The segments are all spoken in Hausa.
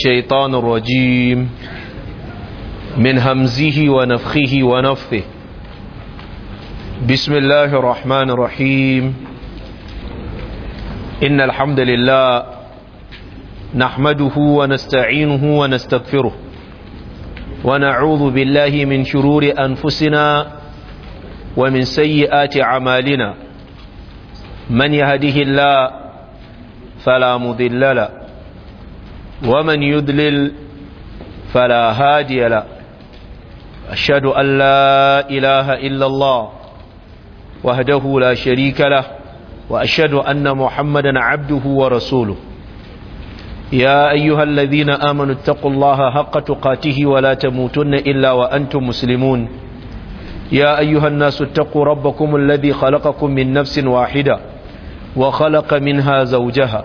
الشيطان الرجيم من همزه ونفخه ونفثه بسم الله الرحمن الرحيم إن الحمد لله نحمده ونستعينه ونستغفره ونعوذ بالله من شرور أنفسنا ومن سيئات أعمالنا من يهده الله فلا مضل له ومن يدلل فلا هادي له أشهد أن لا إله إلا الله وهده لا شريك له وأشهد أن محمدا عبده ورسوله يا أيها الذين آمنوا اتقوا الله حق تقاته ولا تموتن إلا وأنتم مسلمون يا أيها الناس اتقوا ربكم الذي خلقكم من نفس واحدة وخلق منها زوجها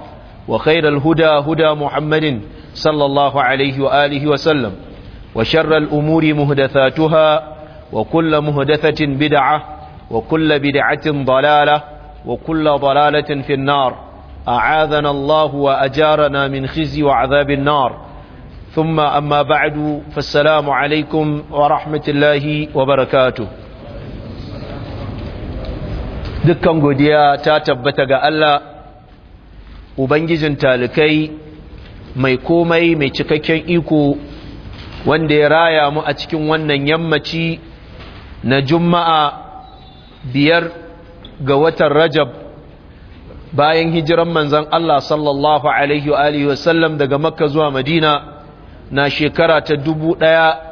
وخير الهدى هدى محمد صلى الله عليه وآله وسلم وشر الأمور مهدثاتها وكل مهدثة بدعة وكل بدعة ضلالة وكل ضلالة في النار أعاذنا الله وأجارنا من خزي وعذاب النار ثم أما بعد فالسلام عليكم ورحمة الله وبركاته دكا godiya ta tabbata ga ubangijin talikai mai komai mai cikakken iko wanda ya raya mu a cikin wannan yammaci na juma'a biyar ga watan rajab bayan hijiran manzan Allah sallallahu Alaihi wasallam daga makka zuwa madina na shekara ta dubu ɗaya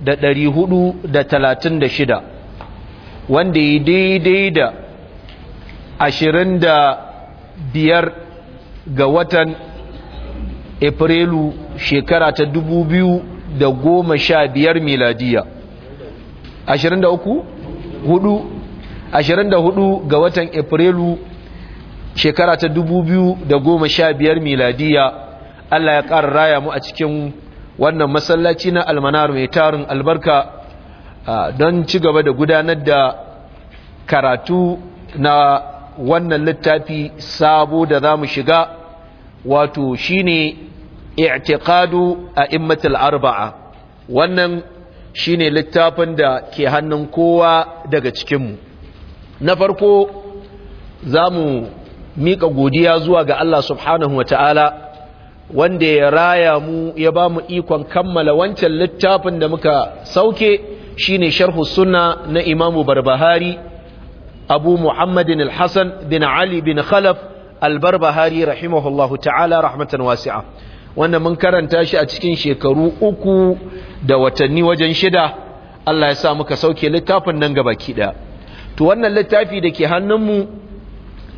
da ɗari hudu da talatin da shida wanda ya daidai da ashirin da biyar ga watan afrilu shekara ta 2015 miladiya 23 hudu 24 ga watan afrilu shekara ta 2015 miladiya Allah ya ƙara raya mu a cikin wannan masallaci na almanar mai tarin albarka don ci gaba da gudanar da karatu na wannan littafi sabo da za mu shiga wato shine i'tiqadu a immatul arba'a wannan shine littafin da ke hannun kowa daga cikinmu na farko za mu miƙa godiya zuwa ga Allah subhanahu wa ta'ala wanda ya raya mu ya ba mu ikon kammala wancan littafin da muka sauke shine sharhu suna na imamu barbahari abu muhammadin hassan bin ali bin khalaf albarbahari rahimahullahu ta'ala rahmatan wasi'a wanda mun karanta shi a cikin shekaru uku da watanni wajen shida Allah ya sa muka sauke littafin nan gaba kiɗa to wannan littafi da ke hannunmu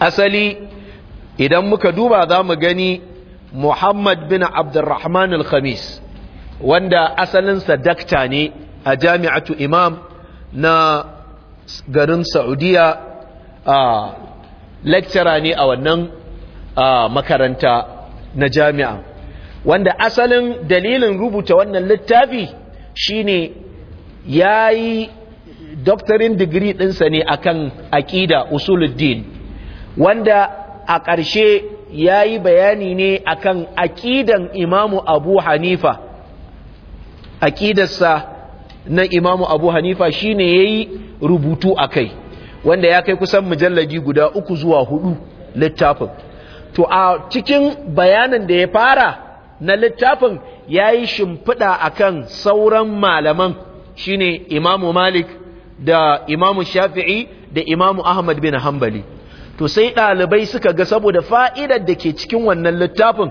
asali idan muka duba za mu gani muhammad bin Abdulrahman al-khamis wanda asalinsa dakta ne a jami'atu imam na garin saudiya a lecturer ne a wannan makaranta na jami'a wanda asalin dalilin rubuta wannan littafi shine ya yi doctorin digiri ɗinsa ne akan aƙida usuluddin wanda a ƙarshe ya yi bayani ne akan aƙidan imamu abu hanifa aƙidarsa na imamu abu hanifa shine ya rubutu a kai wanda ya kai kusan mujallaji guda uku zuwa hudu littafin to a cikin bayanin da ya fara na littafin ya yi shimfiɗa a kan sauran malaman shine imamu malik da imamu shafi'i da imamu ahmad bin hambali to sai ɗalibai suka ga saboda fa'idar da ke cikin wannan littafin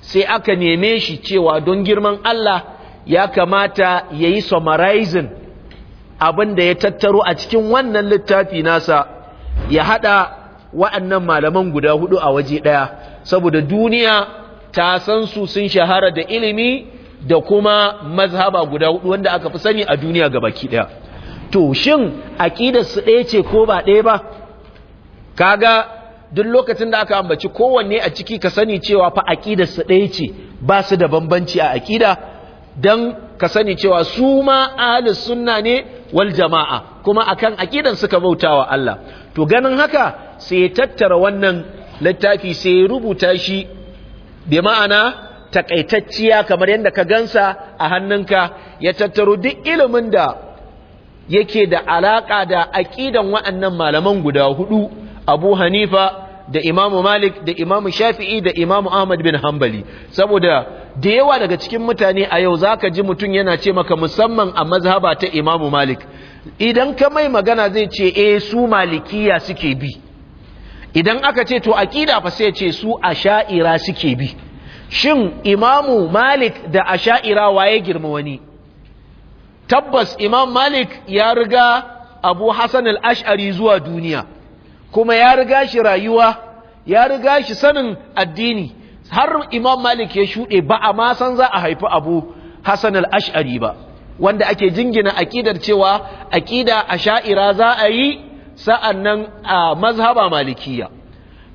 sai aka neme shi cewa don girman allah ya kamata ya yi summarizing abin da ya tattaro a cikin wannan littafi nasa ya haɗa wa'annan malaman guda hudu a waje ɗaya saboda duniya ta san su sun shahara da ilimi da kuma mazhaba guda hudu wanda aka fi sani a duniya gaba baki ɗaya to shin su ɗaya ce ko ba ɗaya ba kaga duk lokacin da aka ambaci kowanne a ciki ka sani cewa fa su ɗaya ce ba su da bambanci a aƙida don ka sani cewa su ma ahalus sunna ne wal jama'a kuma akan aƙidan suka bauta wa Allah to ganin haka sai tattara wannan littafi sai rubuta shi bi ma'ana takaitacciya kamar yadda ka gansa a hannunka ya tattaro duk ilimin da yake da alaƙa da aƙidan waɗannan malaman guda hudu abu hanifa da Imam malik da Imam shafi'i da Imam ahmad bin hanbali saboda da yawa daga cikin mutane a yau za ka ji mutum yana ce maka musamman a mazhaba ta imamu Malik idan ka mai magana zai ce e su malikiya suke bi idan aka ce to aƙida fa sai ce su asha'ira suke bi shin imamu Malik da asha'ira waye girma wani tabbas Imam Malik ya riga Abu Hassan al-Ash'ari zuwa duniya kuma ya riga shi rayuwa ya riga shi sanin addini har imam malik ya shuɗe ba a ma san za a haifi abu hasan al-ash'ari ba wanda ake jingina aƙidar cewa aƙida a sha'ira za a yi sa'annan a mazhaba malikiya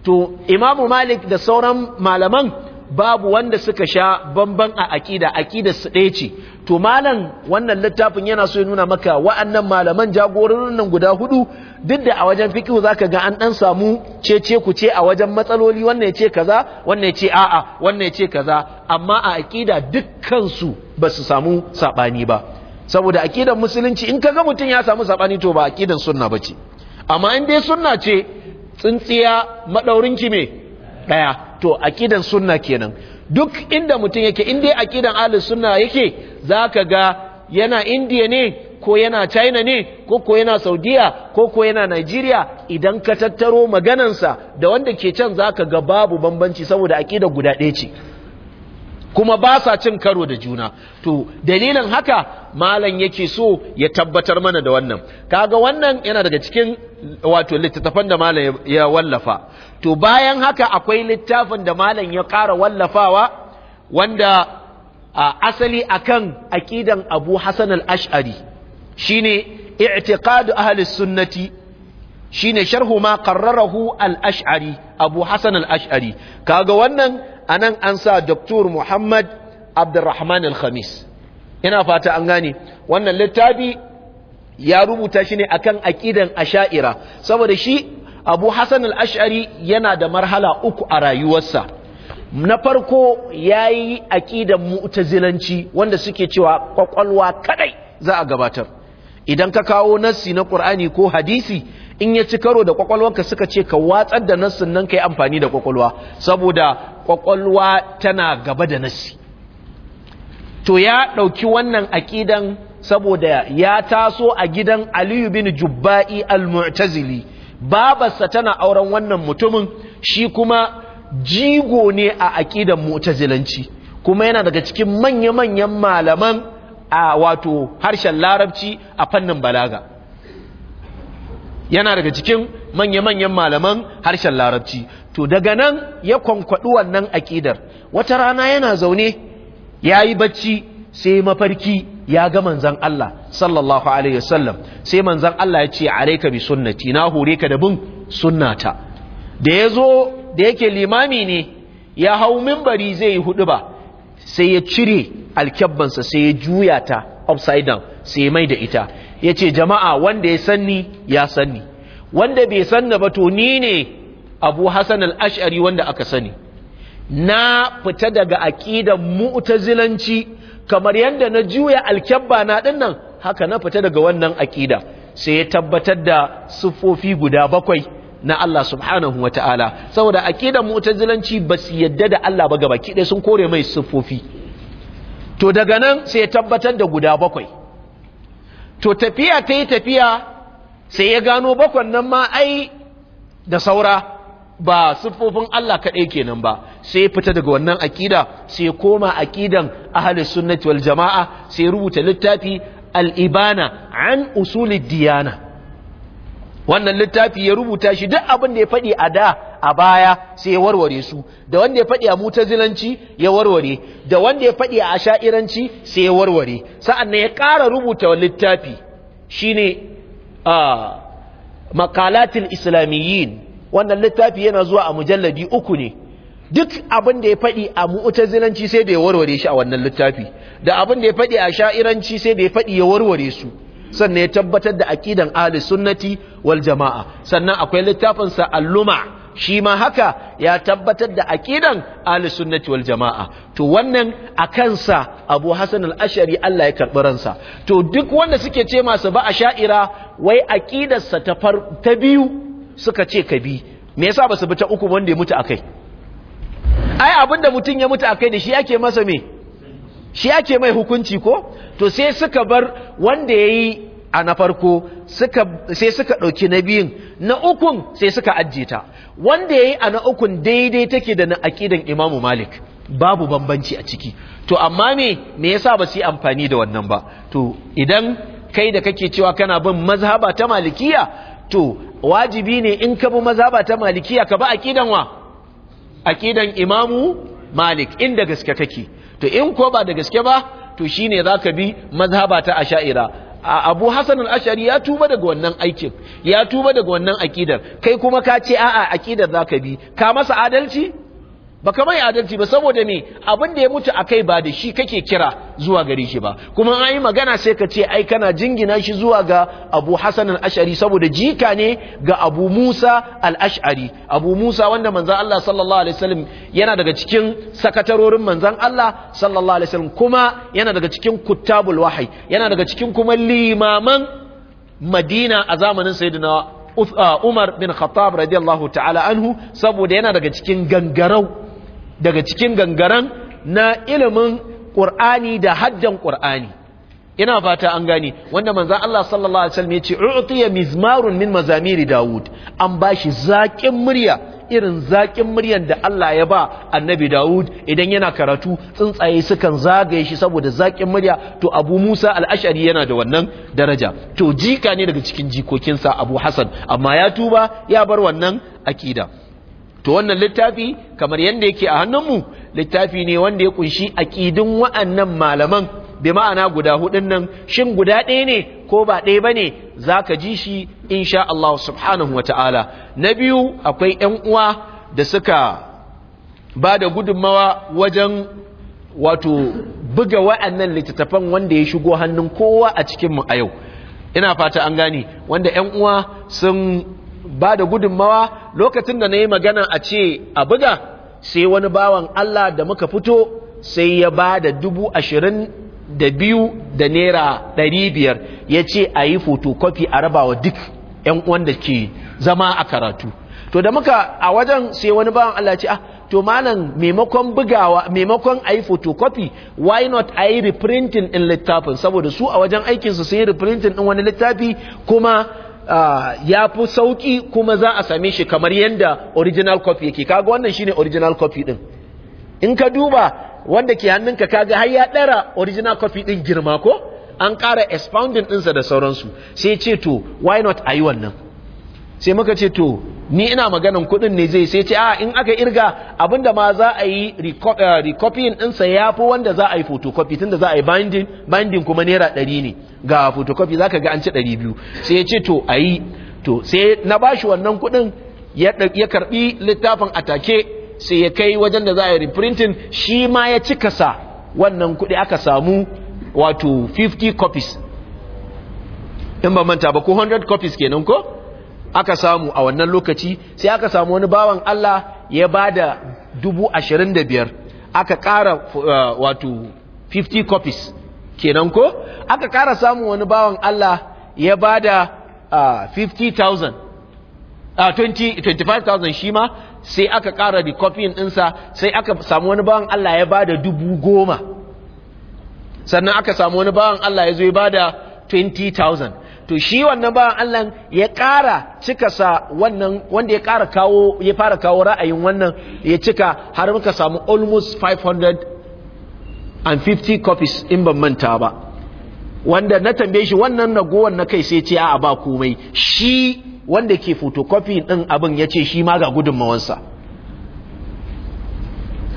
to imamu malik da sauran malaman babu wanda suka sha bamban a aƙida aƙida su ɗaya ce to malam wannan littafin yana so ya nuna maka wa'annan malaman jagororin nan guda hudu duk da a wajen fikihu zaka ga an ɗan samu cece ku ce a wajen matsaloli wannan ya ce kaza wannan ya ce a'a wannan ya ce kaza amma a aƙida dukkan su ba su samu saɓani ba saboda aƙidan musulunci in kaga mutum ya samu saɓani. to ba aƙidan sunna ba ce. amma in dai sunna ce tsintsiya madaurinki me daya to aƙidan sunna kenan duk inda mutum yake inda ya akidan ahli sunna yake zaka ga yana indiya ne ko yana china ne ko ko yana saudiya ko ko yana nigeria idan ka tattaro maganansa da wanda ke can zaka ga babu bambanci saboda aqidar guda ɗaya ce kuma ba sa cin karo da juna to dalilin haka malam yake so ya tabbatar mana da wannan kaga wannan yana daga cikin wato littattafan da malam ya wallafa to bayan haka akwai littafin da malam ya ƙara wallafawa wanda a asali akan aqidan Abu Hassan al-Ash'ari shine i'tiqad ahli sunnati shine sharhu ma qarrarahu al-Ash'ari Abu Hassan al-Ash'ari kaga wannan a nan an sa Dr. Muhammad Abdurrahman Al-Khamis ina fata an gane wannan littafi ya rubuta shi ne akan aqidan asha'ira saboda shi Abu Hassan al-Ash'ari yana da marhala uku a rayuwarsa na farko yayi aqidan mu'tazilanci wanda suke cewa kwakwalwa kadai za a gabatar idan ka kawo nassi na Qur'ani ko hadisi in ya ci karo da kwakwalwarka suka ce ka watsar da nassin nan kai amfani da kwakwalwa saboda kwakwalwa tana gaba da nasi to ya ɗauki wannan aƙidan saboda ya taso a gidan aliyu bin jubba'i al-mu'tazili babarsa tana auren wannan mutumin shi kuma jigo ne a aƙidan mu'tazilanci kuma yana daga cikin manya-manyan malaman a wato harshen larabci a fannin balaga yana daga cikin manya-manyan malaman harshen larabci to daga nan ya kwankwaɗi wannan aƙidar wata rana yana zaune ya yi bacci sai mafarki ya ga manzan Allah sallallahu alaihi wasallam sai manzan Allah ya ce alaika bi sunnati na hore ka da bin sunnata da ya zo da yake limami ne ya hau mimbari zai yi hudu ba sai ya cire alkyabbansa sai ya juya ta upside down sai mai da ita ya ce jama'a wanda ya sanni ya sanni wanda bai sanna ba to ni ne abu hasan al-ash'ari wanda aka sani na fita daga aƙidan mu'tazilanci kamar yadda na juya alkyabba na dinnan haka na fita daga wannan aqida sai ya tabbatar da siffofi guda bakwai na Allah subhanahu ta'ala saboda aƙidar mu'tazilanci ba su yadda da Allah ba gaba kidai sun kore mai siffofi to daga nan sai ya tabbatar da guda bakwai to tafiya ta yi tafiya sai ya gano bakwan nan ma ai da saura ba siffofin Allah kaɗai kenan ba sai fita daga wannan aƙida sai koma aƙidan ahli sunnati wal jama'a sai rubuta littafi al-ibana an usulid diyana wannan littafi ya rubuta shi duk abin da ya faɗi a da a baya sai ya warware su da wanda ya faɗi a mutazilanci ya warware da wanda ya faɗi a asha'iranci sai ya warware sa'annan ya ƙara rubuta wa littafi shine a ah, makalatul islamiyyin wannan littafi yana zuwa a mujalladi uku ne duk abin da ya faɗi a zinanci sai da ya warware shi a wannan littafi da abin da ya faɗi a sha'iranci sai da ya faɗi ya warware su sannan ya tabbatar da aƙidan ahli sunnati wal jama'a sannan akwai littafin sa alluma shi ma haka ya tabbatar da aƙidan ahli sunnati wal jama'a to wannan a kansa Abu Hassan al-Ash'ari Allah ya karɓi ransa to duk wanda suke ce masa ba a sha'ira wai aƙidarsa sa ta biyu suka ce ka bi me yasa ba su bi ta uku wanda ya mutu akai ai abinda mutum ya mutu akai da shi ake masa me shi yake mai hukunci ko to sai suka bar wanda yayi a na farko sai suka ɗauki na biyun na ukun sai suka ajiye ta wanda yayi a na ukun daidai take da na aqidan Imam Malik babu bambanci a ciki to amma me me yasa ba su yi amfani da wannan ba to idan kai da kake cewa kana bin mazhaba ta malikiya to wajibi ne in ka bi mazhaba ta malikiya ka bi aqidan wa aqidan imamu malik inda gaske kake to in ko ba da gaske ba to shine zaka bi mazhaba ta asha'ira abu hasan al-ashari ya tuba daga wannan aikin ya tuba daga wannan aqidar kai kuma ka ce a'a aqidar zaka bi ka masa adalci baka mai adalci ba saboda me abin da ya mutu akai ba da shi kake kira zuwa gare shi ba kuma an yi magana sai ka ce ai kana jingina shi zuwa ga Abu Hassan al-Ash'ari saboda jika ne ga Abu Musa al-Ash'ari Abu Musa wanda manzon Allah sallallahu alaihi wasallam yana daga cikin sakatarorin manzon Allah sallallahu alaihi wasallam kuma yana daga cikin kuttabul wahyi yana daga cikin kuma limaman Madina a zamanin Sayyidina uh, Umar bin Khattab radiyallahu ta'ala anhu saboda yana daga cikin gangarau daga cikin gangaren na ilimin ƙur'ani da hajjan ƙur'ani ina fata an gani wanda manzan Allah sallallahu alaihi wasallam ya ce ya mizmarun min mazamiri Dawud an ba shi zaƙin murya irin zaƙin muryan da Allah ya ba annabi Dawud idan yana karatu tsuntsaye sukan zagaye shi saboda zaƙin murya to Abu Musa Alashari yana da wannan daraja to jika ne daga cikin jikokinsa Abu Hassan amma ya tuba ya bar wannan akida to wannan littafi kamar yadda yake a hannunmu littafi ne wanda ya kunshi aƙidin wa'annan malaman bi ma'ana guda hudun nan shin guda ɗaya ne ko ba ɗaya bane? zaka ji shi insha Allah subhanahu wata'ala na biyu akwai ‘yan uwa da suka ba da gudunmawa wajen wato buga wa'annan littattafan wanda ya shigo hannun kowa a cikinmu a yau ina fata an gane wanda ‘yan uwa sun ba da gudunmawa lokacin da na yi magana a ce a buga sai wani bawan Allah da muka fito sai ya ba da dubu ashirin da biyu da naira ɗari biyar ya ce a yi fotokofi a rabawa duk ‘yan wanda ke zama a karatu to da muka a wajen sai wani bawan Allah ce ah to manan maimakon bugawa maimakon a yi fotokofi why not a yi reprinting in littafin saboda su a wajen aikinsu sai reprinting ɗin wani littafi kuma Ah, ya fi sauƙi kuma za a same shi kamar yadda original copy yake kaga wannan shine original copy din in ka duba wanda ke hannunka kaga har ya ɗara original copy din girma ko an ƙara expounding ɗinsa da sauransu sai ce to why not a yi wannan sai muka ce to ni ina maganan kudin ne zai sai ce a ah, in aka irga abinda ma za a yi eh, recopying ɗinsa ya fi wanda za a yi photocopy tunda za a yi binding binding kuma naira ɗari ne ga photocopy zaka ga an ci 200 biyu sai ya ce to ayi to sai na bashi wannan kudin ya karbi littafin atake sai ya kai wajen da za a yi reprinting shi ma ya cika sa wannan kudi aka samu wato 50 copies in ba manta ba ko 100 copies kenan ko aka samu a wannan lokaci sai aka samu wani bawan Allah ya ba da dubu ashirin da biyar aka ƙara eh, wato 50 copies kenan ko aka ƙara samun wani bawan Allah ya ba da 25,000 shi ma sai aka ƙara da copying ɗinsa sai aka samu wani bawan Allah ya ba da dubu goma sannan aka samu wani bawan Allah ya zo ya ba da 20,000 to shi wannan bawan Allah ya ƙara cika sa wannan wanda ya ƙara kawo ya fara kawo ra'ayin wannan ya cika har muka samu almost 550 copies in ban manta ba wanda na tambaye shi wannan ragowar na kai sai ce a ba komai shi wanda ke photocopy din abin ya ce shi ma ga gudunmawansa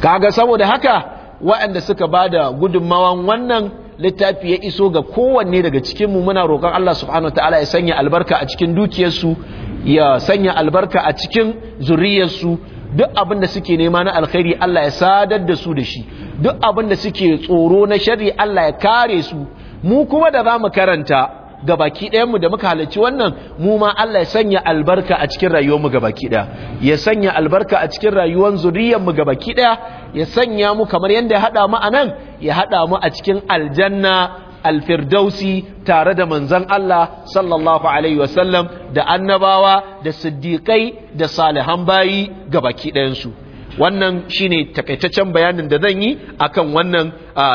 kaga saboda haka waɗanda suka ba da gudunmawan wannan littafi ya iso ga kowanne daga cikinmu muna roƙon Allah subhanahu wataala ya sanya albarka a cikin dukiyarsu ya sanya albarka a cikin zuriyarsu duk abin da suke nema na alkhairi Allah ya sadar da su da shi duk abin da suke tsoro na shari Allah ya kare su mu kuma da za mu karanta ga baki ɗayanmu da muka halarci wannan mu ma Allah ya sanya albarka a cikin mu ga baki ɗaya ya sanya albarka a cikin rayuwar mu ga baki ɗaya ya sanya mu kamar yadda ya haɗa mu a nan ya haɗa mu a cikin aljanna alfirdausi tare da manzon Allah sallallahu alaihi wasallam da annabawa da siddiƙai da salihan bayi ga baki ɗayansu wannan shine takaitaccen bayanin da zan yi akan wannan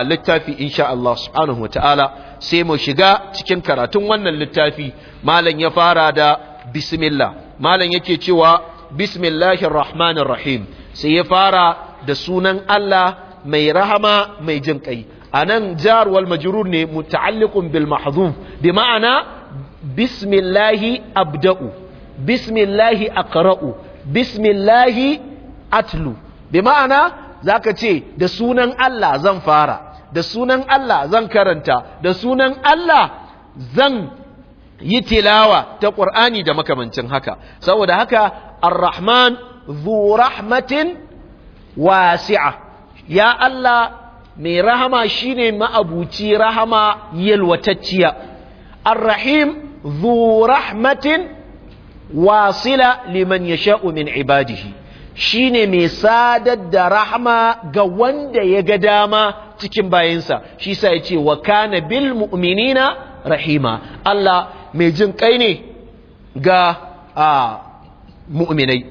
littafi insha Allah subhanahu wataala sai mu shiga cikin karatun wannan littafi malam ya fara da bismillah malam yake cewa bismillahir rahmanir rahim sai ya fara da sunan Allah mai rahama mai jin kai anan jar wal majrur ne muta'alliqun bil mahdhuf bi ma'ana bismillahi abda'u bismillahi aqra'u bismillahi atlu bi ma'ana zaka ce da sunan Allah zan fara da sunan Allah zan karanta da sunan Allah zan yi tilawa ta ƙur'ani da makamancin haka saboda haka arrahman rahman zu rahmatin wasi'a ya Allah mai rahama shine ma'abuci rahama yalwatacciya arrahim rahim zu rahmatin wasila liman yasha'u min ibadihi shine mai sadar da rahama ga wanda ya ga dama cikin bayansa shi sa yace wa kana bil mu'minina rahima Allah mai jin kai ne ga a mu'minai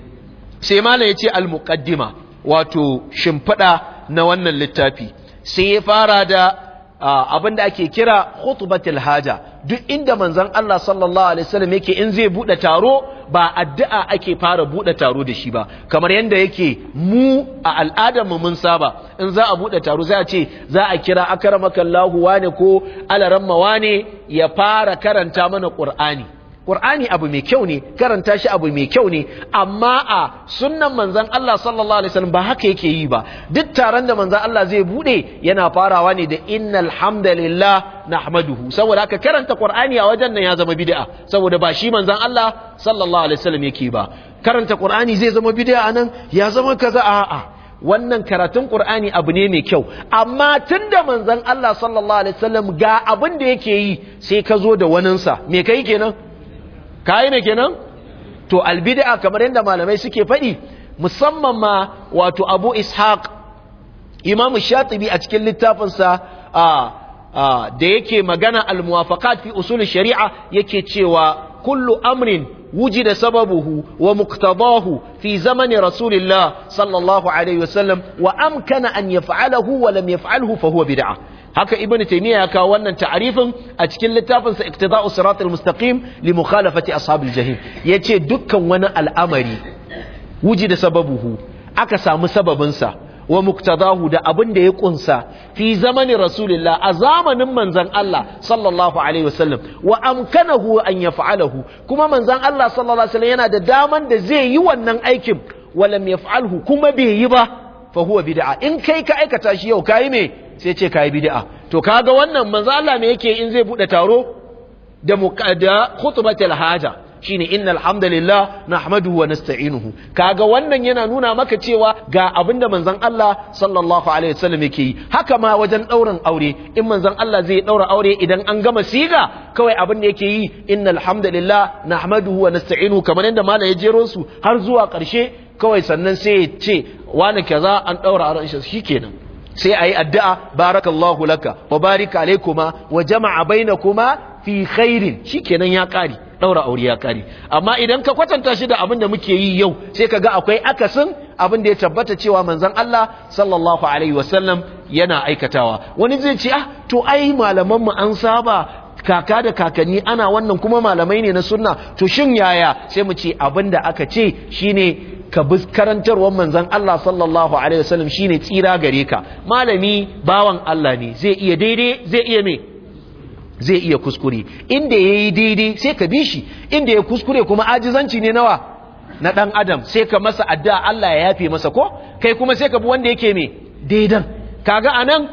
sai malam ce al muqaddima wato shimfada na wannan littafi sai ya fara da Ah, abin da ake kira khutbatul haja duk inda manzon Allah sallallahu alaihi wasallam yake in zai bude taro ba addu'a ake fara bude taro da shi ba kamar yanda yake mu a al'adar mu mun saba in za a bude taro za a ce za a kira akramakallahu wane ko alaramma wane ya fara karanta mana qur'ani qur'ani abu mai kyau ne karanta shi abu mai kyau ne amma a sunnan manzon Allah sallallahu alaihi wasallam ba haka yake yi ba duk taron da manzan Allah zai bude yana farawa ne da innal hamdalillah nahmaduhu saboda haka karanta qur'ani a wajen nan ya zama bid'a saboda ba shi manzon Allah sallallahu alaihi wasallam yake ba karanta qur'ani zai zama bid'a anan ya zama kaza a'a wannan karatun Qur'ani abu ne mai kyau amma tunda manzan Allah sallallahu alaihi wasallam ga abin da yake yi sai ka zo da waninsa me kai kenan kayi me kenan to albid'a kamar yadda malamai suke faɗi musamman ma wato abu ishaq imamu shatibi a cikin littafinsa a da yake magana almuwafaqat fi usul shari'a yake cewa kullu amrin wujida sababuhu wa muktabahu fi zamani rasulillah sallallahu alaihi wasallam wa amkana an yaf'alahu wa lam yaf'alhu fa huwa bid'ah haka ibnu taymiya ya kawo wannan ta'arifin a cikin littafin sa iqtida'u siratal mustaqim li mukhalafati ashabil jahim yace dukkan wani al'amari wuji da sababuhu aka samu sababin sa wa muktadahu da abin da ya kunsa fi zamanin rasulillah a zamanin manzan Allah sallallahu alaihi wasallam wa amkanahu an yaf'alahu kuma manzan Allah sallallahu alaihi wasallam yana da daman da zai yi wannan aikin walam yaf'alhu kuma bai yi ba fa huwa bid'a in kai ka aikata shi yau kai me sai ce ka yi bid'a to kaga wannan manzo Allah me yake in zai buɗe taro da muqadda haja shine innal hamdalillah nahmaduhu wa nasta'inuhu kaga wannan yana nuna maka cewa ga abinda manzon Allah sallallahu alaihi wasallam yake yi haka ma wajen dauran aure in manzon Allah zai daura aure idan an gama siga kawai abinda yake yi innal hamdalillah nahmaduhu wa nasta'inuhu kamar yanda mala ya jero su har zuwa karshe kawai sannan sai ya ce wani kaza an daura aure shi kenan sai ayi addu'a barakallahu laka wa barika kuma wa jama'a kuma fi khairin kenan ya kare ɗaura aure ya kare amma idan ka kwatanta shi da abin da muke yi yau sai ka ga akwai akasin abin da ya tabbata cewa manzon Allah sallallahu alaihi wasallam yana aikatawa wani zai ce ah to ai malaman mu an saba kaka da kakanni ana wannan kuma malamai ne na sunna to shin yaya sai mu ce abinda aka ce shine ka bi karantarwar manzon Allah sallallahu alaihi wasallam shine tsira gare ka malami bawan Allah ne zai iya daidai zai iya me zai iya kuskure inda yayi daidai sai ka bi shi inda ya kuskure kuma ajizanci ne nawa na dan adam sai ka masa addu'a Allah ya yafe masa ko kai kuma sai ka bi wanda yake me daidan kaga anan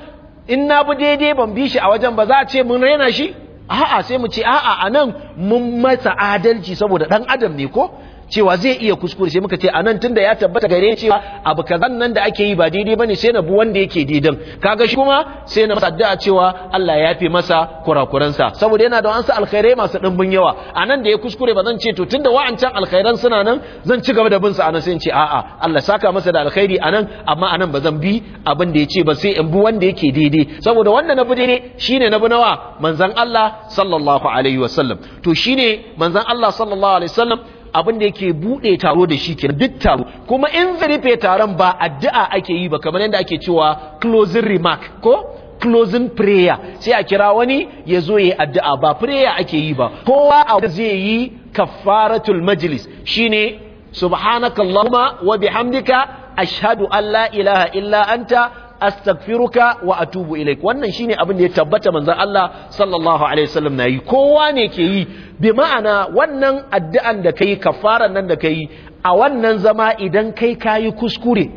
in na bi daidai ban bi shi a wajen ba za a ce mun raina shi a'a sai mu ce a'a anan mun masa adalci saboda dan adam ne ko cewa zai iya kuskure sai muka ce anan tunda ya tabbata gare cewa abu kazan nan da ake yi ba daidai bane sai na bu wanda yake daidan kaga shi kuma sai na masa addu'a cewa Allah ya fi masa kurakuransa saboda yana da wansa alkhairai masu dimbin yawa anan da ya kuskure ba zan ce to tunda wa'ancan alkhairan suna nan zan ci gaba da bin sa anan sai in ce a'a Allah saka masa da alkhairi anan amma anan ba zan bi abin da ya ce ba sai in bu wanda yake daidai saboda wanda na bi daidai shine na bi nawa manzon Allah sallallahu alaihi wasallam to shine manzon Allah sallallahu alaihi wasallam abin da yake bude taro da shi kenan duk taro kuma in rufe taron ba addu'a ake yi ba kamar yadda ake cewa closing remark ko closing prayer sai a kira wani ya zo ya yi addu'a ba prayer ake yi ba kowa a zai yi kafaratul majlis shine subhanakallahumma wa bihamdika ashhadu an la ilaha illa anta astaghfiruka wa atubu ilaik wannan shine abin da ya tabbata manzon Allah sallallahu alaihi wasallam na yi kowa ne ke yi bi ma'ana wannan addu'an da kai kafaran nan da kai a wannan zama idan kai kayi kuskure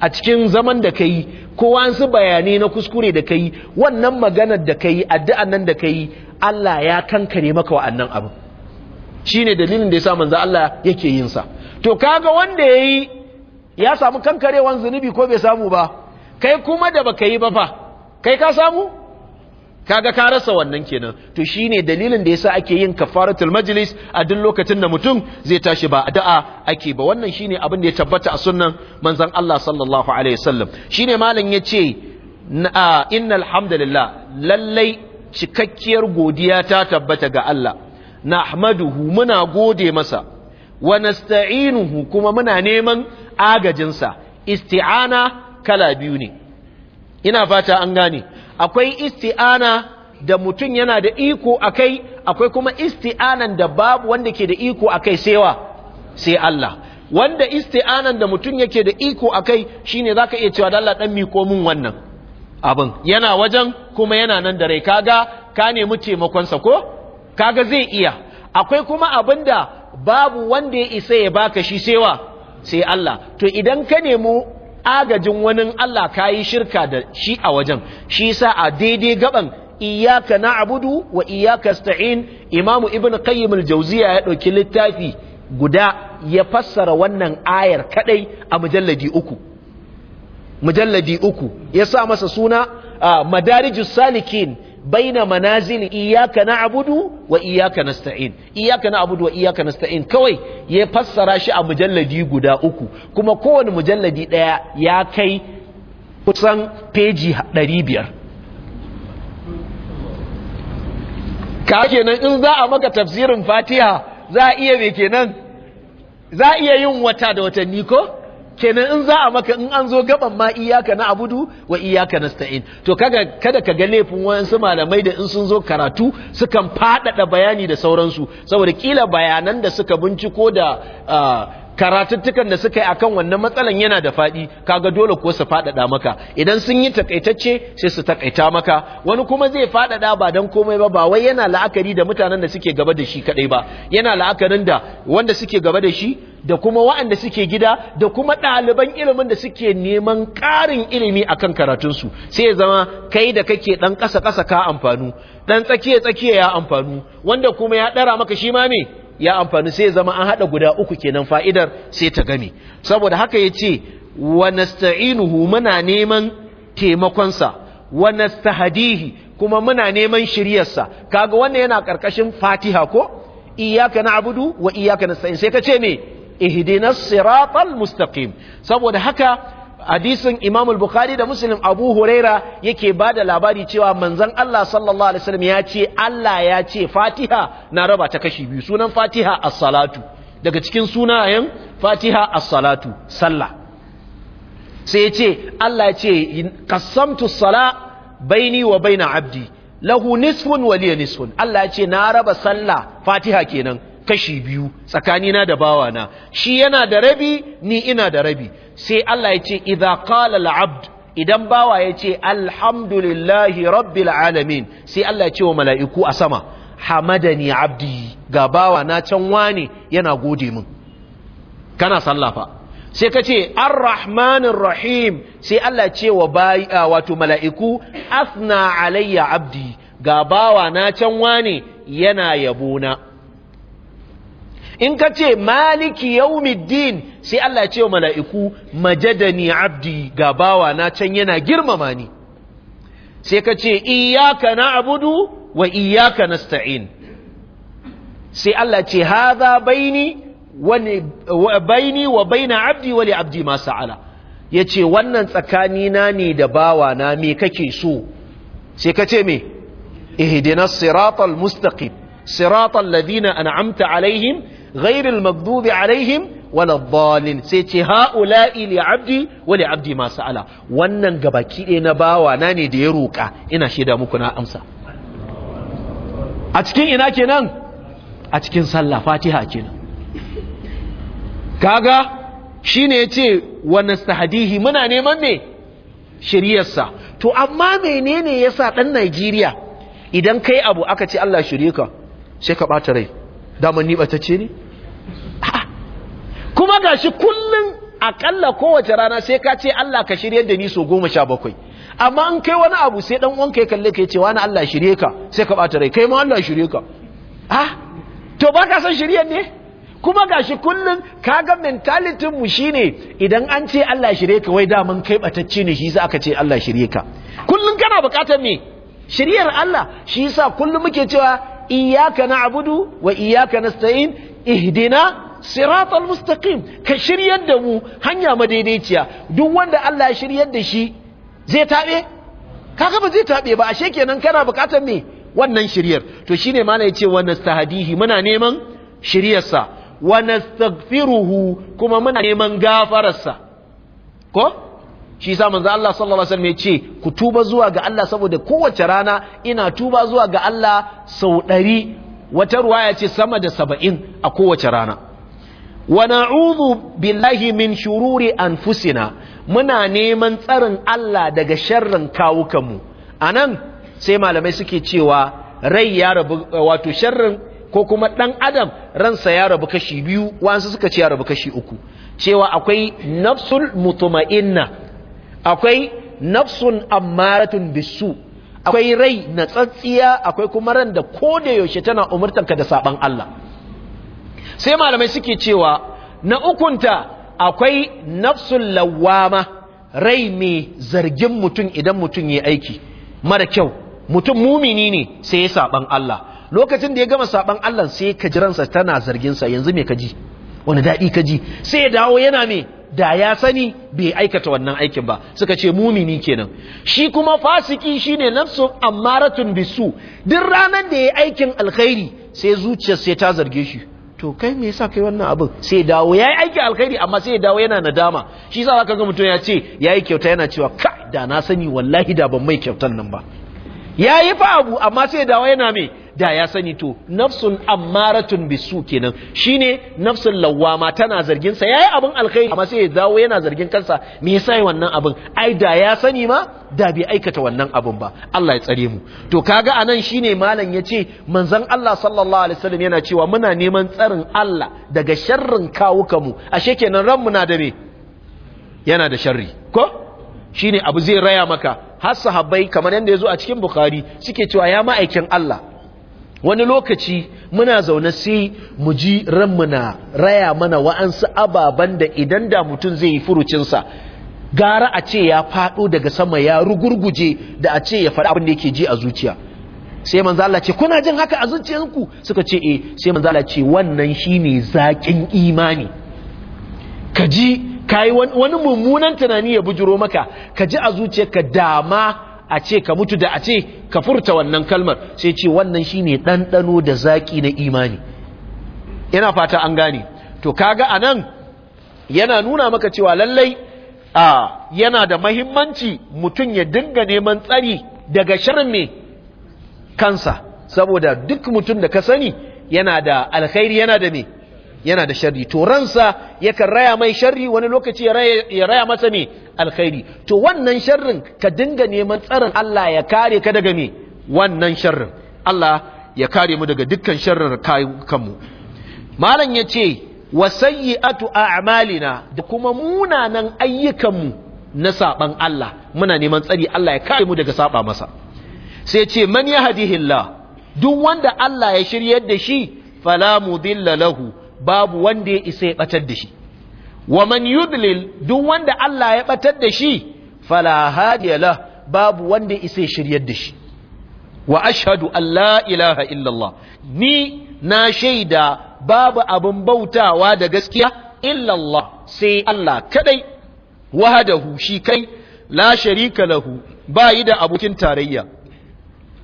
a cikin zaman da kai kowa su bayanai na kuskure da kai wannan maganar da kai addu'an nan da kai Allah ya kankare maka wa'annan abu shine dalilin da yasa manzon Allah yake yin sa to kaga wanda yayi ya samu kankarewan zunubi ko bai samu ba kai kuma da baka yi ba fa kai ka samu kaga ka rasa wannan kenan to shine dalilin da yasa ake yin kafaratul majlis a duk lokacin da mutum zai tashi ba da'a ake ba wannan shine abin da ya tabbata a sunnan manzon Allah sallallahu alaihi wasallam shine malam yace innal hamdalillah lallai cikakkiyar godiya ta tabbata ga Allah nahmaduhu muna gode masa wa nasta'inuhu kuma muna neman agajinsa isti'ana kala biyu ne ina fata an gane akwai isti'ana da mutum yana da iko akai akwai kuma isti'anan da babu wanda ke da iko akai sewa sai Allah wanda isti'anan da mutum yake da iko akai shine zaka iya cewa Allah dan miko mun wannan abin yana wajen kuma yana nan da rai kaga ka nemi taimakon sa ko kaga zai iya akwai kuma abinda babu wanda ya isa ya baka shi sewa sai Allah to idan ka nemi agajin wani Allah ka yi shirka da shi a wajen shi sa a daidai gaban iyaka na abudu wa iyaka sta'in imamu ibn qayyim jauziya ya ɗauki littafi guda ya fassara wannan ayar kadai a mujalladi uku mujalladi uku ya sa masa suna ah, madarijus salikin baina manazil iyyaka na'budu wa iyyaka nasta'in iyyaka na'budu wa iyyaka nasta'in kawai ya fassara shi a mujalladi guda uku kuma kowane mujalladi ɗaya ya kai kusan peji biyar. ka kenan in za a maka tafsirin fatiha za a iya me kenan za a iya yin wata da watanni ko kenan in za a maka in an zo gaban ma iyaka na abudu wa iyaka nasta'in to kaga kada ka ga laifin wayansu malamai da in sun zo karatu sukan faɗaɗa bayani da sauransu saboda kila bayanan da suka binciko da ah, karatuttukan da suka yi akan wannan matsalan yana da faɗi kaga dole ko su faɗaɗa maka idan sun yi takaitacce sai su takaita maka wani kuma zai faɗaɗa ba dan komai ba ba wai yana la'akari da mutanen da suke gaba da shi kadai ba yana la'akarin da wanda suke gaba da shi da kuma waɗanda suke gida da kuma ɗaliban ilimin da suke neman ƙarin ilimi a kan karatunsu sai ya zama kai da kake ɗan ƙasa-ƙasa ka amfanu ɗan tsakiya-tsakiya ya amfanu wanda kuma ya ɗara maka shi ma me ya amfani sai zama an hada guda uku kenan fa'idar sai ta gami saboda haka yace wa nasta'inuhu muna neman taimakonsa wa nastahdihi kuma muna neman shiryarsa kaga wannan yana karkashin Fatiha ko iyyaka na'budu wa iyyaka nasta'in sai kace me ihdinas siratal mustaqim saboda haka hadisin Imam al-Bukhari da Muslim Abu Huraira yake bada labari cewa manzon Allah sallallahu alaihi wasallam ya ce Allah ya ce Fatiha na raba ta kashi biyu sunan Fatiha as-salatu daga cikin sunayen Fatiha as-salatu sallah sai ya ce Allah ya ce qasamtu as-sala baini wa baina abdi lahu nisfun wa nisfun Allah ya ce na raba sallah Fatiha kenan kashi biyu tsakanina da bawana shi yana da rabi ni ina da rabi sai Allah ya ce idza qala al-abd idan bawa ya ce alhamdulillahi rabbil alamin sai Allah ya ce wa mala'iku a sama hamadani abdi ga bawa na can wane yana gode min kana sallafa sai ka ce arrahmanir rahim sai Allah ce wa bayi wato mala'iku asna alayya abdi ga bawa na can wane yana yabona in ka ce maliki yaumiddin sai Allah ya ce wa mala'iku majadani abdi ga na can yana girmama ni sai ka ce iyaka na abudu wa iyaka nasta'in sai Allah ce haza baini wa baina abdi wa li abdi ma sa'ala yace wannan tsakanina ne da bawa na me kake so sai ka ce me ihdinas siratal mustaqim siratal ladina an'amta alaihim ghairil Makdubi alaihim wala dhalin sai ce haula'i li abdi wa abdi wannan gabaki ɗaya na bawa na ne da ya roka ina shaida muku na amsa a cikin ina kenan a cikin sallah fatiha kenan kaga shine yace wa nastahdihi muna neman me shiriyarsa to amma menene yasa dan Najeriya idan kai abu aka ce Allah shirye ka sai ka bata rai daman ni ne kuma ga shi kullum akalla kowace rana sai ka ce Allah ka shirye da ni goma sha bakwai amma an kai wani abu sai dan wanka ya kalle ka yi ce wani Allah shirye ka sai ka bata rai kai ma Allah shirye ka ha to ba ka san shirye ne kuma shi kullum ga mentalitin mu shine idan an ce Allah shirye ka wai mun kai batacce ne shi za aka ce Allah shirye ka kullum kana bukatar me shiryar Allah shi yasa kullum muke cewa iyyaka na'budu wa iyyaka nasta'in ihdina siratal mustaqim ka shiryar da mu hanya madaidaiciya duk wanda Allah ya shiryar da shi zai tabe kaga ba zai tabe ba ashe kenan kana bukatar me wannan shiryar to shine mana yace wa nastahdihi muna neman shiryarsa wa nastaghfiruhu kuma muna neman gafararsa ko shi sa manzo Allah sallallahu alaihi wasallam ya ce ku tuba zuwa ga Allah saboda kowace rana ina tuba zuwa ga Allah sau ɗari wata ruwaya ce sama da saba'in a kowace rana wa na'udhu billahi min shururi anfusina muna neman tsarin Allah daga sharrin kawukanmu anan sai malamai suke cewa rai ya rabu wato sharrin ko kuma ɗan adam ransa ya rabu kashi biyu wasu suka ce ya rabu kashi uku cewa akwai nafsul mutuma'inna akwai nafsun ammaratun bisu akwai rai na tsatsiya akwai kuma ran da ko da yaushe tana umurtanka da saban Allah sai malamai suke cewa na ukunta akwai nafsun lawama rai mai zargin mutum idan mutum ya aiki mara kyau mutum mumini ne sai ya saban Allah lokacin da ya gama saban Allah sai ka jiransa tana zarginsa yanzu mai kaji wani daɗi kaji sai ya dawo yana mai. da ya sani bai aikata wannan aikin ba suka ce mumini kenan shi kuma fasiki shine nafsu ammaratun bisu duk ranar da yayi aikin alkhairi sai zuciyar sai ta zarge shi to kai me yasa kai wannan abin sai dawo yayi aikin alkhairi amma sai ya dawo yana nadama shi yasa zaka ga mutum ya ce yayi kyauta yana cewa ka da na sani wallahi da ban mai kyautan nan ba yayi fa abu amma sai ya dawo yana mai. da ya sani to nafsun ammaratun bisu kenan shine nafsun lawama tana zargin sa yayi abin alkhairi amma sai ya dawo yana zargin kansa me yasa yi wannan abin ai da ya sani ma da bai aikata wannan abin ba Allah ya tsare mu to kaga anan shine malam ce manzon Allah sallallahu alaihi wasallam yana cewa muna neman tsarin Allah daga sharrin kawuka mu. ashe kenan ran mu na da me yana da sharri ko shine abu zai raya maka har sahabbai kamar yanda yazo a cikin bukhari suke cewa ya ma aikin Allah wani lokaci muna zaune sai mu ji ranmu na raya mana wa'ansu ababen da idan da mutum zai yi furucinsa gara a ce ya faɗo daga sama ya rugurguje da a ce ya faɗi abin da yake ji a zuciya sai manzo Allah ce kuna jin haka a zuciyanku suka ce eh sai manzo Allah ce wannan shine zaƙin imani ka ji kai wani mummunan tunani ya bujuro maka ka ji a ka dama a ce ka mutu da a ce ka furta wannan kalmar sai ce wannan shi ne ɗanɗano da zaƙi na imani yana fata an gane to kaga anan yana nuna maka cewa lallai a yana da mahimmanci mutum ya dinga neman tsari daga shirin mai kansa saboda duk mutum da ka sani yana da alkhairi yana da mai yana da sharri to ransa yakan raya mai sharri wani lokaci ya raya masa ne alkhairi to wannan sharrin ka dinga neman tsarin Allah ya kare ka daga me wannan sharrin Allah ya kare mu daga dukkan sharrin kanmu malam yace wa sayyi'atu a'malina da kuma munanan ayyukanmu na saban Allah muna neman tsari Allah ya kare mu daga saba masa sai ce man yahdihillah duk wanda Allah ya shiryar da shi fala mudilla lahu babu wanda ya isa ya batar da shi wa man yudlil duk wanda Allah ya batar da shi fala hadiya la babu wanda ya isa ya shiryar da shi wa ashhadu an la ilaha illallah ni na shaida babu abin bautawa da gaskiya illallah sai Allah kadai wahadahu shi kai la sharika lahu bayi da abokin tarayya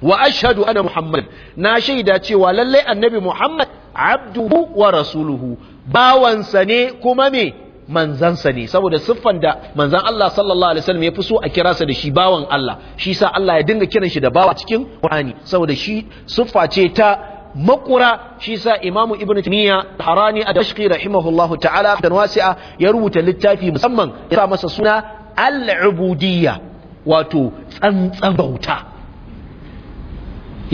wa ashhadu anna muhammad na shaida cewa lalle annabi muhammad abduhu wa rasuluhu bawansa ne kuma me manzansa ne saboda siffan da manzan Allah sallallahu alaihi wasallam ya fi so a kira sa da shi bawan Allah shi sa Allah ya dinga kiran shi da bawa cikin Qur'ani saboda shi siffa ce ta makura shi sa Imam Ibn Taymiyyah Harani a Dashqi rahimahullahu ta'ala dan wasi'a ya rubuta littafi musamman ya sa masa suna al-ubudiyya wato tsantsan bauta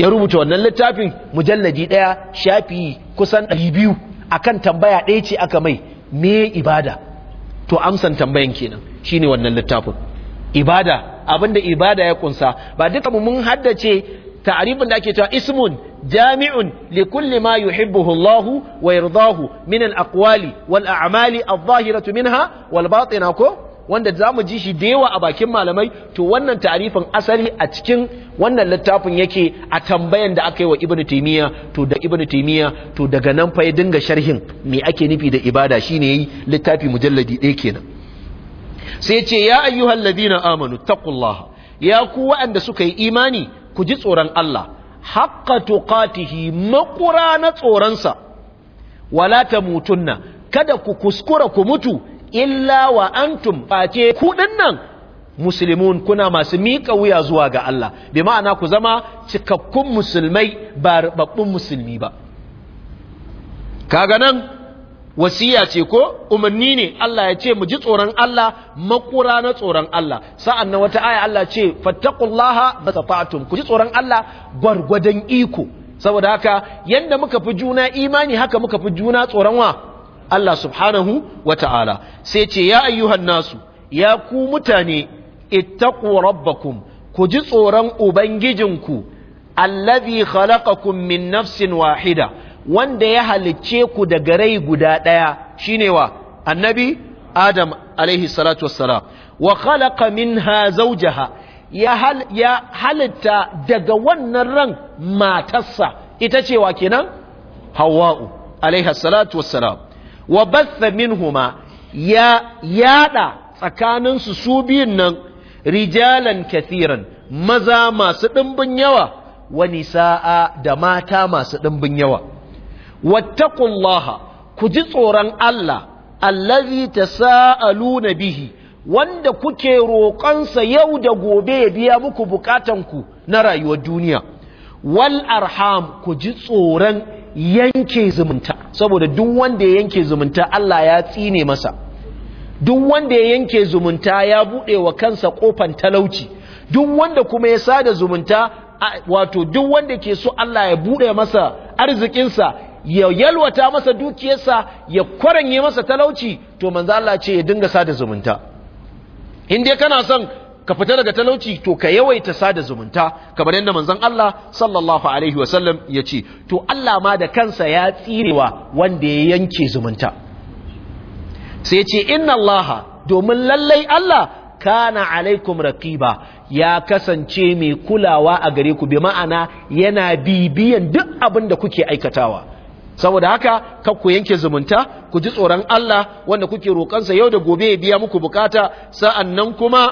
ya rubuta wannan littafin mujalladi ɗaya shafi kusan ɗari biyu akan tambaya ɗaya ce aka mai me ibada to amsan tambayan kenan shine wannan littafin ibada abinda ibada ya kunsa ba duka mun haddace ta'arifin da ake cewa ismun jami'un li kulli ma yuhibbuhu Allah wa yardahu min al-aqwali wal a'mali adh-dhahiratu minha wal batina ko wanda za mu ji shi da yawa a bakin malamai to wannan tarifin asali a cikin wannan littafin yake a tambayan da aka yi wa ibnu taymiya to da ibnu taymiya to daga nan fa ya dinga sharhin me ake nufi da ibada Shi shine yi littafi mujalladi ɗaya kenan sai ya ce ya ayyuhal ladina amanu taqullaha ya ku waɗanda suka yi imani ku ji tsoron Allah haqqa tuqatihi maqrana na tsoronsa wala tamutunna kada ku kuskura ku mutu illa wa antum face kuɗin nan musulmun kuna masu miƙa wuya zuwa ga Allah bi ma'ana ku zama cikakkun musulmai ba rubabbun musulmi ba kaga nan wasiya ce ko umarni ne Allah ya ce mu ji tsoron Allah makura na tsoron Allah sa'an na wata aya Allah ce fattaqullaha basafatum ku ji tsoron Allah gwargwadon iko saboda haka yanda muka fi juna imani haka muka fi juna tsoron wa Allah subhanahu wa ta'ala sai ce ya ayyuhan nasu ya ku mutane ittaqu rabbakum ku ji tsoron ubangijinku allazi khalaqakum min nafsin wahida wanda ya halicce ku daga rai guda ɗaya shine wa annabi adam alaihi salatu wassalam wa khalaqa min ha ya ya halitta daga wannan ran matarsa ita ce wa kenan hawwa'u alaihi salatu wassalam wa bassa minhuma ya yada tsakaninsu su biyun nan rijalan kathiran maza masu ɗimbin yawa wa nisa'a da mata masu ɗimbin yawa wattaqullaha ku ji tsoron Allah allazi tasaaluna bihi wanda kuke roƙonsa yau da gobe ya biya muku bukatanku na rayuwar duniya wal arham ku ji tsoron yanke zumunta saboda duk wanda ya yanke zumunta Allah ya tsine masa duk wanda ya yanke zumunta ya buɗe wa kansa kofan talauci duk wanda kuma ya sada zumunta wato duk wanda ke so Allah ya buɗe masa arzikinsa ya yalwata masa dukiyarsa ya kwaranye masa talauci to manzo Allah ce ya dinga sada zumunta in dai kana son ka fita daga talauci to ka yawaita sada zumunta kamar yadda manzon Allah sallallahu alaihi wasallam ya ce to Allah ma da kansa ya tsirewa wanda ya yanke zumunta sai ya ce inna Allah domin lallai Allah kana alaikum raqiba ya kasance mai kulawa a gare ku bi ma'ana yana bibiyan duk abin da kuke aikatawa saboda haka kan ku yanke zumunta ku ji tsoron Allah wanda kuke roƙonsa yau da gobe ya biya muku bukata sa'annan kuma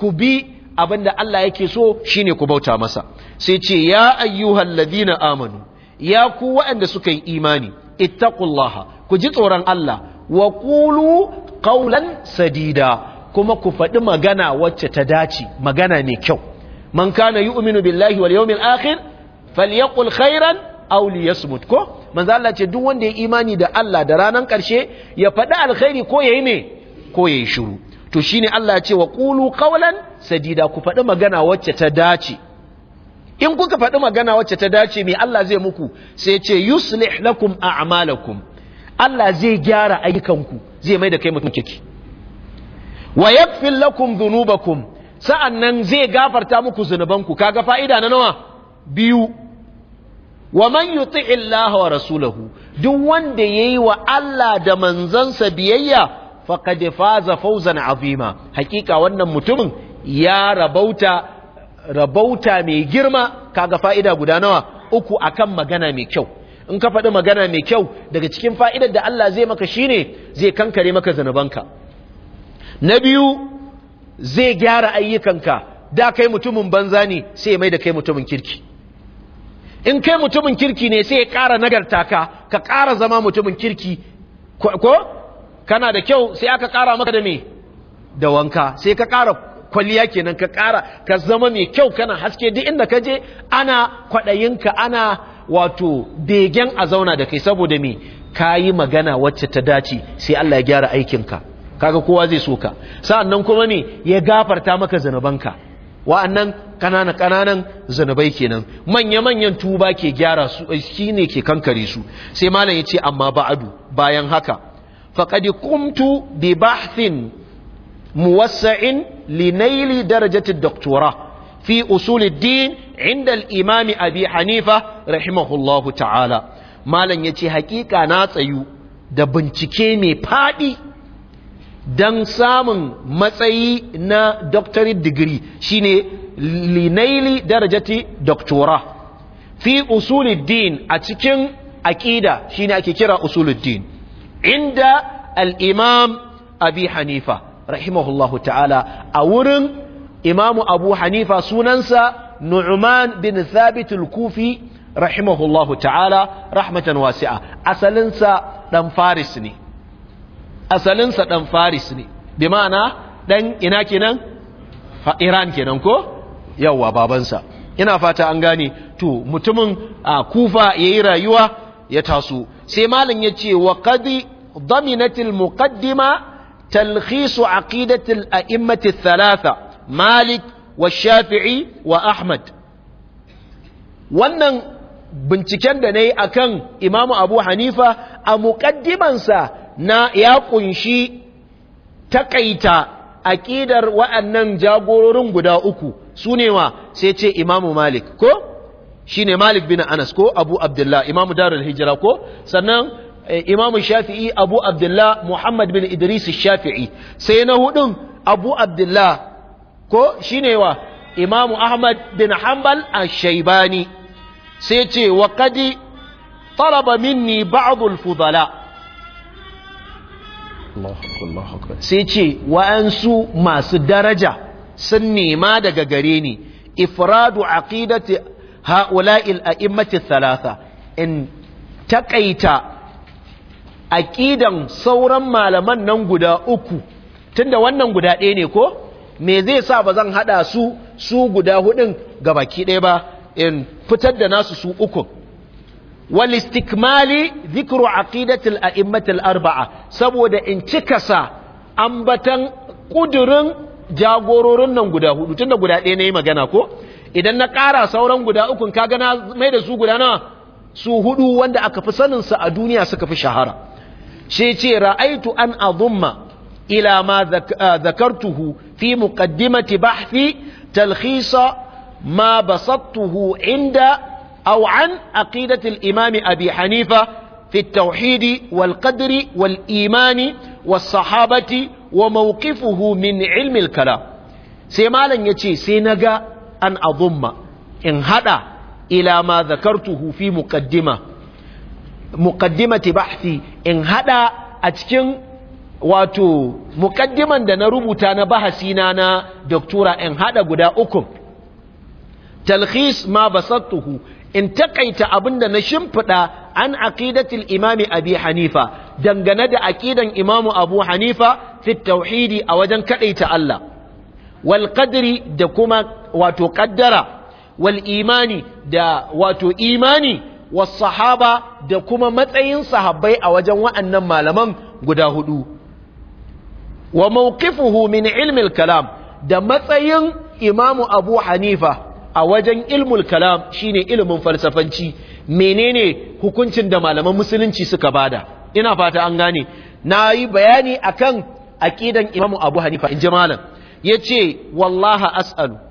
ku bi abin da Allah yake so shine ku bauta masa sai ce ya ayyuhal ladina amanu ya ku waɗanda suka yi imani ittaqullaha ku ji tsoron Allah wa ƙaulan qawlan sadida kuma ku faɗi magana wacce ta dace magana mai kyau man kana yu'minu billahi wal yawmil akhir falyaqul khairan aw liyasmut ko manzo Allah ce duk wanda ya imani da Allah da ranan karshe ya faɗi alkhairi ko yayi me ko yayi shiru to shine Allah ya ce wa qulu qawlan sadida ku faɗi magana wacce ta dace in kuka faɗi magana wacce ta dace me Allah zai muku sai ce yuslih lakum a'malakum Allah zai gyara ayyukanku zai mai da kai mutum kike wa yaghfir lakum dhunubakum sa'annan zai gafarta muku zunubanku kaga fa'ida na nawa biyu wa man yuti'illahi wa rasulahu duk wanda yayi wa Allah da manzansa biyayya faqad faza fawzan azima hakika wannan mutumin ya rabauta rabauta mai girma kaga fa'ida guda nawa uku akan magana mai kyau in ka faɗi magana mai kyau daga cikin fa'idar da Allah zai maka shine zai kankare maka zanubanka na biyu zai gyara ayyukanka da kai mutumin banza ne sai mai da kai mutumin kirki in kai mutumin kirki ne sai ya ƙara nagarta ka ka ƙara zama mutumin kirki ko kana da kyau sai aka ƙara maka da me da wanka sai ka ƙara kwalliya kenan ka ƙara ka zama mai kyau kana haske duk inda ka je ana kwaɗayinka ana wato degen a zauna da kai saboda me ka yi magana wacce ta dace sai Allah ya gyara aikinka kaga kowa zai so ka sa'annan kuma ne ya gafarta maka zanubanka wa'annan kanana kananan zanubai kenan manya manyan tuba ke gyara su shine ke kankare su sai malam yace amma ba'adu bayan haka faqad qumtu bi bahthin muwassa'in li naili darajati ad-doktora fi usulidin ad-din 'inda al-imam Abi Hanifa rahimahullahu ta'ala malan yace hakika na tsayu da bincike mai faɗi dan samun matsayi na doctorate degree shine linaili darajati doktora fi usulidin a cikin aƙida shine ake kira usuluddin inda al'imam abi hanifa rahimahullahu ta'ala a wurin imamu abu hanifa sunansa nu'man bin thabit kufi rahimahullahu ta'ala rahmatan wasi'a asalinsa dan faris ne asalinsa dan faris ne bi ma'ana dan ina kenan iran kenan ko yawwa babansa ina fata an gane to mutumin a kufa yayi rayuwa ya taso sai malam ya ce wa qadi daminatil muqaddima talkhisu aqidatil a'immati thalatha malik wa shafi'i wa ahmad wannan binciken da nayi akan Imam imamu abu hanifa a muƙaddimansa na ya ƙunshi taƙaita aƙidar wa'annan jagororin guda uku su ne wa sai ce imamu malik ko Shi ne Malik bin Anas ko Abu Abdullah Imam Darul hijira ko sannan eh, Imam Shafi'i Abu Abdullah Muhammad bin Idris Shafi'i sai na hudun Abu Abdullah ko shi ne wa Imam Ahmad bin Hanbal a shaybani sai ce wa qadi talaba minni ba'd al-fudala sai ce wa'ansu masu daraja sun nema daga gare ni ifradu aqidati ha'ula'il a'immati thalatha in takaita aqidan sauran malaman nan guda uku tunda wannan guda ɗaya ne ko me zai sa ba zan hada su su guda hudun ga baki ɗaya ba in fitar da nasu su uku wal istikmali dhikru aqidatil a'immatil arba'a saboda in cika sa ambatan kudurin jagororin nan guda hudu tunda guda ɗaya ne magana ko idan na ƙara sauran guda ukun kaga na mai da su guda na su hudu wanda aka fi saninsa a duniya suka fi shahara shi ce ra'aitu an azumma ila ma ah, zakartuhu fi muqaddimati bahthi talkhisa ma basattuhu inda aw an aqidati al-imam abi hanifa fi at-tauhid wal qadri wal imani was sahabati wa mawqifuhu min ilmi al-kalam sai malan yace sai naga an adumma in hada ila ma zakartuhu fi muqaddima muqaddimati bahthi in hada a cikin wato muqaddiman da na rubuta na bahasina na doktora in hada guda uku talkhis ma basattuhu in takaita abinda na shimfida an aqidatil imami abi hanifa dangane da aqidan imamu abu hanifa fi tauhidi a wajen kadaita Allah wal qadri da kuma wato kaddara wal imani da wato imani was sahaba da kuma matsayin sahabbai a wajen wa'annan malaman guda hudu wa mawqifuhu min ilmi al-kalam da matsayin imamu abu hanifa a wajen ilmul kalam shine ilimin falsafanci menene hukuncin da malaman musulunci suka bada ina fata an gane nayi bayani akan aqidan imamu abu hanifa in ji malam yace wallahi as'alu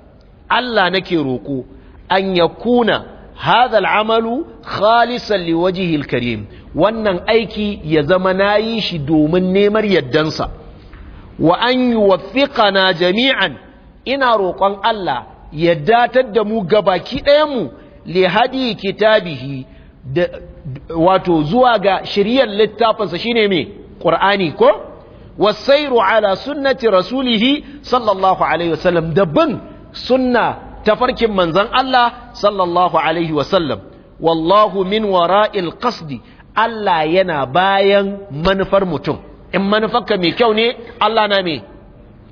Allah nake roƙo an kuna hadha al'amalu khalisan li wajihil karim wannan aiki ya zama nayi shi domin neman yaddansa wa an yuwaffiqana jami'an ina roƙon Allah ya datar da mu gabaki ɗayan mu li hadi kitabihi wato zuwa ga shiriyar littafinsa shine me qur'ani ko wasairu ala sunnati rasulihi sallallahu alaihi wasallam bin sunna tafarkin manzon Allah sallallahu alaihi wasallam wallahu min wara'il qasdi Allah yana bayan manufar mutum in manufarka mai kyau ne Allah na me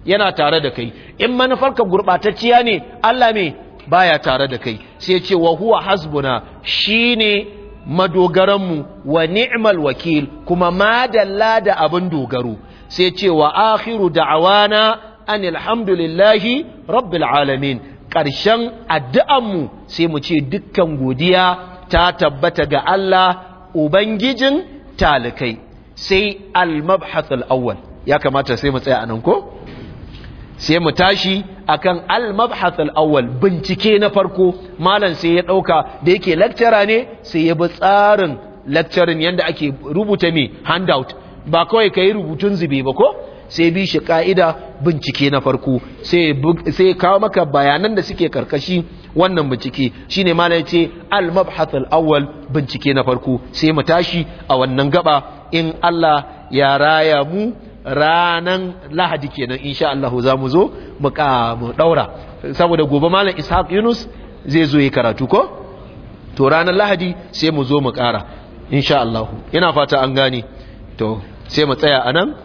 yana tare da kai in manufarka gurbatacciya ne Allah me baya tare da kai sai ce wa huwa hasbuna shine madogaranmu wa ni'mal wakil kuma madalla da abin dogaro sai ce wa akhiru da'awana an alhamdulillahi rabbil alamin ƙarshen addu'anmu sai mu ce dukkan godiya ta tabbata ga Allah ubangijin talikai sai al-mabhath al ya kamata sai mu tsaya anan ko sai mu tashi akan al-mabhath al-awwal bincike na farko malam sai ya ɗauka da yake lecturer ne sai ya bi tsarin lecturing yadda ake rubuta me handout ba kawai kai rubutun zube ba ko sai bi shi ka'ida bincike na farko sai kawo maka bayanan da suke karkashi wannan bincike shine ma ya ce al mabhatul awwal bincike na farko sai mu tashi a wannan gaba in Allah ya raya mu ranan lahadi kenan insha Allah za mu zo mu daura saboda gobe malam Ishaq Yunus zai zo yi karatu ko to ranan lahadi sai mu zo mu kara insha Allah ina fata an gane to sai mu tsaya anan